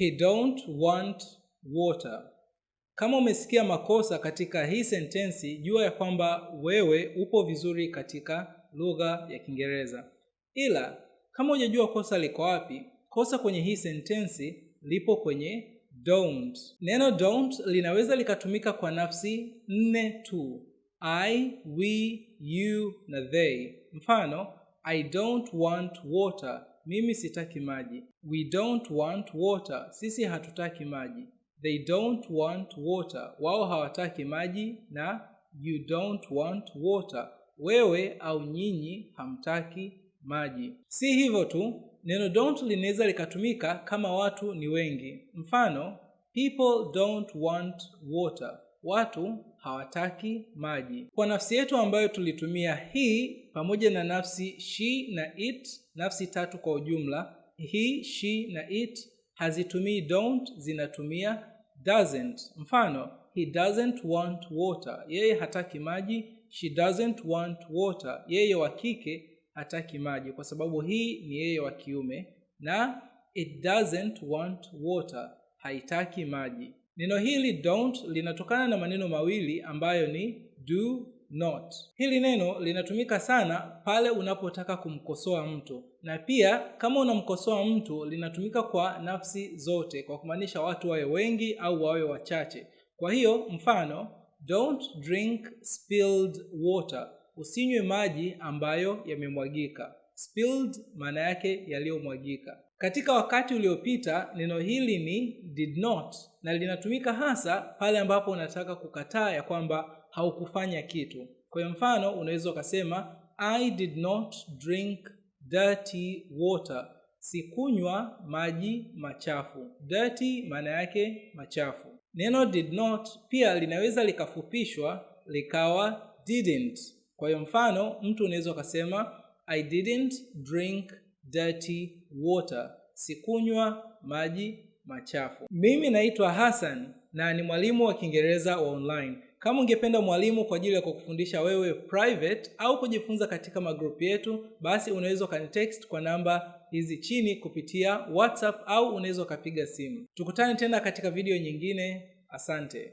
He don't want water. Kama umesikia makosa katika hii sentensi, jua ya kwamba wewe upo vizuri katika lugha ya Kiingereza, ila kama hujajua kosa liko wapi, kosa kwenye hii sentensi lipo kwenye don't. Neno don't linaweza likatumika kwa nafsi nne tu: I, we, you na they. Mfano, I don't want water mimi sitaki maji. We don't want water, sisi hatutaki maji. They don't want water, wao hawataki maji. Na you don't want water, wewe au nyinyi hamtaki maji. Si hivyo tu, neno don't linaweza likatumika kama watu ni wengi. Mfano, people don't want water, watu hawataki maji. Kwa nafsi yetu ambayo tulitumia hii pamoja na nafsi she na it nafsi tatu kwa ujumla, he, she na it, hazitumii don't, zinatumia doesn't. Mfano, he doesn't want water, yeye hataki maji. She doesn't want water, yeye wa kike hataki maji, kwa sababu hii ni yeye wa kiume, na it doesn't want water, haitaki maji. Neno hili don't linatokana na maneno mawili ambayo ni do not. Hili neno linatumika sana pale unapotaka kumkosoa mtu, na pia kama unamkosoa mtu linatumika kwa nafsi zote, kwa kumaanisha watu wawe wengi au wawe wachache. Kwa hiyo mfano, don't drink spilled water, usinywe maji ambayo yamemwagika. Spilled maana yake yaliyomwagika. Katika wakati uliopita neno hili ni did not, na linatumika hasa pale ambapo unataka kukataa ya kwamba haukufanya kitu. Kwa mfano unaweza ukasema I did not drink dirty water, sikunywa maji machafu. Dirty maana yake machafu. Neno did not pia linaweza likafupishwa likawa didn't. Kwa hiyo mfano mtu unaweza ukasema I didn't drink dirty water, sikunywa maji machafu. Mimi naitwa Hassan na ni mwalimu wa Kiingereza wa online. Kama ungependa mwalimu kwa ajili ya kukufundisha wewe private au kujifunza katika magrupu yetu, basi unaweza ukanitext kwa namba hizi chini kupitia WhatsApp au unaweza ukapiga simu. Tukutane tena katika video nyingine. Asante.